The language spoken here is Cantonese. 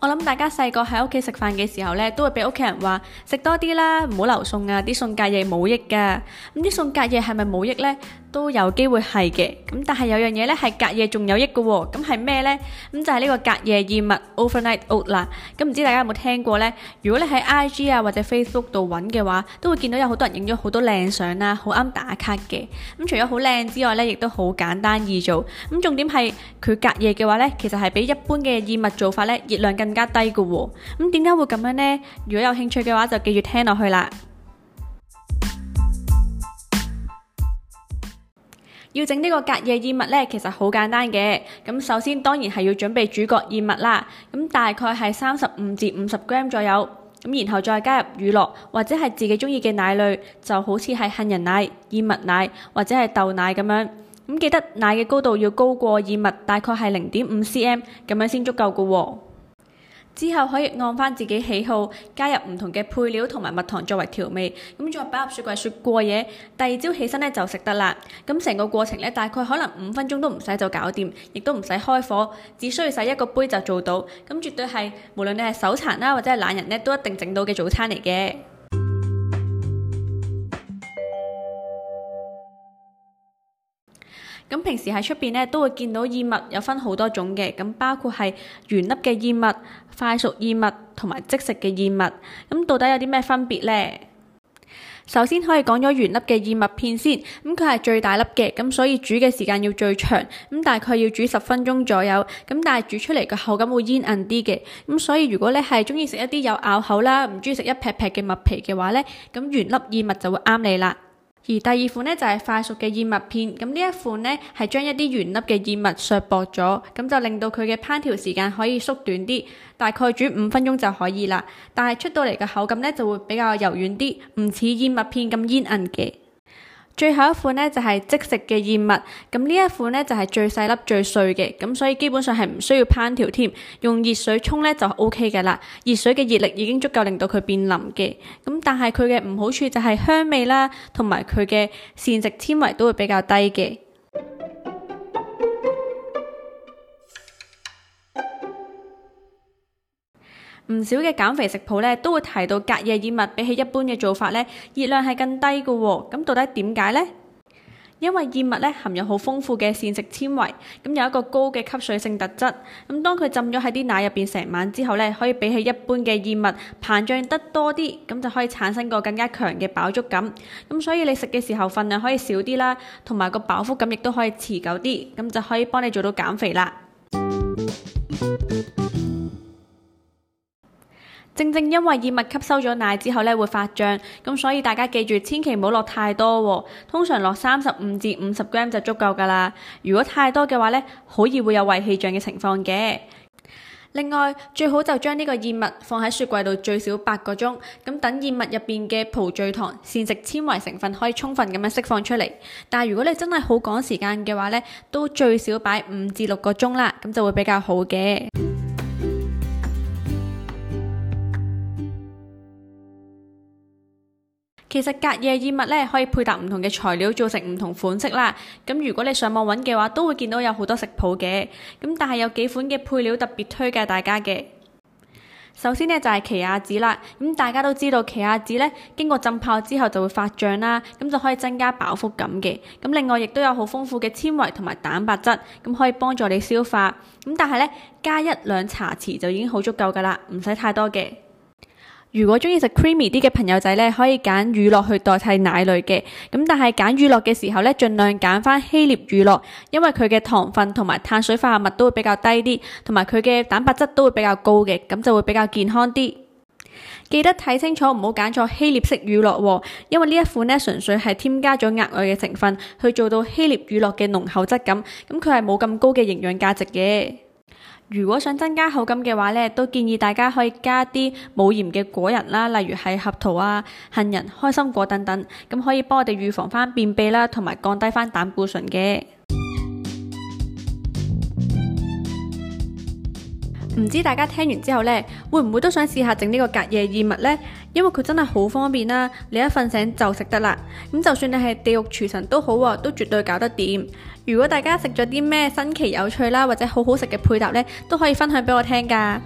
我諗大家細個喺屋企食飯嘅時候咧，都會俾屋企人話食多啲啦，唔好留餸啊！啲餸隔夜冇益噶，咁啲餸隔夜係咪冇益咧？都有機會係嘅，咁但係有樣嘢呢，係隔夜仲有益嘅喎，咁係咩呢？咁就係呢個隔夜燕麥 overnight oat 啦。咁唔知大家有冇聽過呢？如果你喺 IG 啊或者 Facebook 度揾嘅話，都會見到有好多人影咗好多靚相啦，好啱打卡嘅。咁除咗好靚之外呢，亦都好簡單易做。咁重點係佢隔夜嘅話呢，其實係比一般嘅燕麥做法呢，熱量更加低嘅喎。咁點解會咁樣呢？如果有興趣嘅話，就記住聽落去啦。要整呢個隔夜燕麥呢，其實好簡單嘅。咁首先當然係要準備主角燕麥啦，咁大概係三十五至五十 gram 左右。咁然後再加入乳酪或者係自己中意嘅奶類，就好似係杏仁奶、燕麥奶或者係豆奶咁樣。咁記得奶嘅高度要高過燕麥，大概係零點五 cm，咁樣先足夠㗎喎。之後可以按返自己喜好加入唔同嘅配料同埋蜜糖作為調味，咁再擺入雪櫃雪過夜，第二朝起身咧就食得啦。咁成個過程咧大概可能五分鐘都唔使就搞掂，亦都唔使開火，只需要洗一個杯就做到。咁絕對係無論你係手殘啦或者係懶人咧，都一定整到嘅早餐嚟嘅。咁平時喺出邊咧都會見到燕麥，有分好多種嘅。咁包括係原粒嘅燕麥、快熟燕麥同埋即食嘅燕麥。咁到底有啲咩分別呢？首先可以講咗原粒嘅燕麥片先。咁佢係最大粒嘅，咁所以煮嘅時間要最長，咁大概要煮十分鐘左右。咁但係煮出嚟嘅口感會煙韌啲嘅。咁所以如果你係中意食一啲有咬口啦，唔中意食一劈劈嘅麥皮嘅話呢，咁原粒燕麥就會啱你啦。而第二款呢，就係快熟嘅燕麥片，咁呢一款呢，係將一啲原粒嘅燕麥削薄咗，咁就令到佢嘅烹調時間可以縮短啲，大概煮五分鐘就可以啦。但係出到嚟嘅口感呢，就會比較柔軟啲，唔似燕麥片咁煙韌嘅。最後一款呢，就係即食嘅燕麥，咁呢一款呢，就係最細粒最碎嘅，咁所以基本上係唔需要烹調添，用熱水沖呢就 OK 嘅啦。熱水嘅熱力已經足夠令到佢變腍嘅，咁但係佢嘅唔好處就係香味啦，同埋佢嘅膳食纖維都會比較低嘅。唔少嘅減肥食譜咧都會提到隔夜燕麥，比起一般嘅做法咧，熱量係更低嘅喎、哦。咁到底點解呢？因為燕麥咧含有好豐富嘅膳食纖維，咁有一個高嘅吸水性特質。咁當佢浸咗喺啲奶入邊成晚之後咧，可以比起一般嘅燕麥膨脹得多啲，咁就可以產生個更加強嘅飽足感。咁所以你食嘅時候份量可以少啲啦，同埋個飽腹感亦都可以持久啲，咁就可以幫你做到減肥啦。正正因為燕麥吸收咗奶之後咧會發脹，咁所以大家記住，千祈唔好落太多喎。通常落三十五至五十 gram 就足夠噶啦。如果太多嘅話咧，好易會有胃氣脹嘅情況嘅。另外，最好就將呢個燕麥放喺雪櫃度最少八個鐘，咁等燕麥入邊嘅葡聚糖、膳食纖維成分可以充分咁樣釋放出嚟。但係如果你真係好趕時間嘅話咧，都最少擺五至六個鐘啦，咁就會比較好嘅。其實隔夜燕麥咧可以配搭唔同嘅材料做成唔同款式啦。咁如果你上網揾嘅話，都會見到有好多食譜嘅。咁但係有幾款嘅配料特別推介大家嘅。首先呢，就係奇亞籽啦。咁大家都知道奇亞籽呢經過浸泡之後就會發脹啦，咁就可以增加飽腹感嘅。咁另外亦都有好豐富嘅纖維同埋蛋白質，咁可以幫助你消化。咁但係呢，加一兩茶匙就已經好足夠噶啦，唔使太多嘅。如果中意食 creamy 啲嘅朋友仔呢，可以揀乳酪去代替奶類嘅。咁但係揀乳酪嘅時候呢，盡量揀翻希臘乳酪，因為佢嘅糖分同埋碳水化合物都會比較低啲，同埋佢嘅蛋白質都會比較高嘅，咁就會比較健康啲。記得睇清楚，唔好揀錯希臘式乳酪，因為呢一款呢純粹係添加咗額外嘅成分，去做到希臘乳酪嘅濃厚質感。咁佢係冇咁高嘅營養價值嘅。如果想增加口感嘅話呢，都建議大家可以加啲冇鹽嘅果仁啦，例如係合桃啊、杏仁、開心果等等，咁可以幫我哋預防返便秘啦，同埋降低返膽固醇嘅。唔知大家聽完之後呢，會唔會都想試下整呢個隔夜燕麥呢？因為佢真係好方便啦，啊，你一瞓醒就食得啦。咁就算你係地獄廚神都好喎，啊，都絕對搞得掂。如果大家食咗啲咩新奇有趣啦，或者好好食嘅配搭呢，都可以分享俾我聽噶。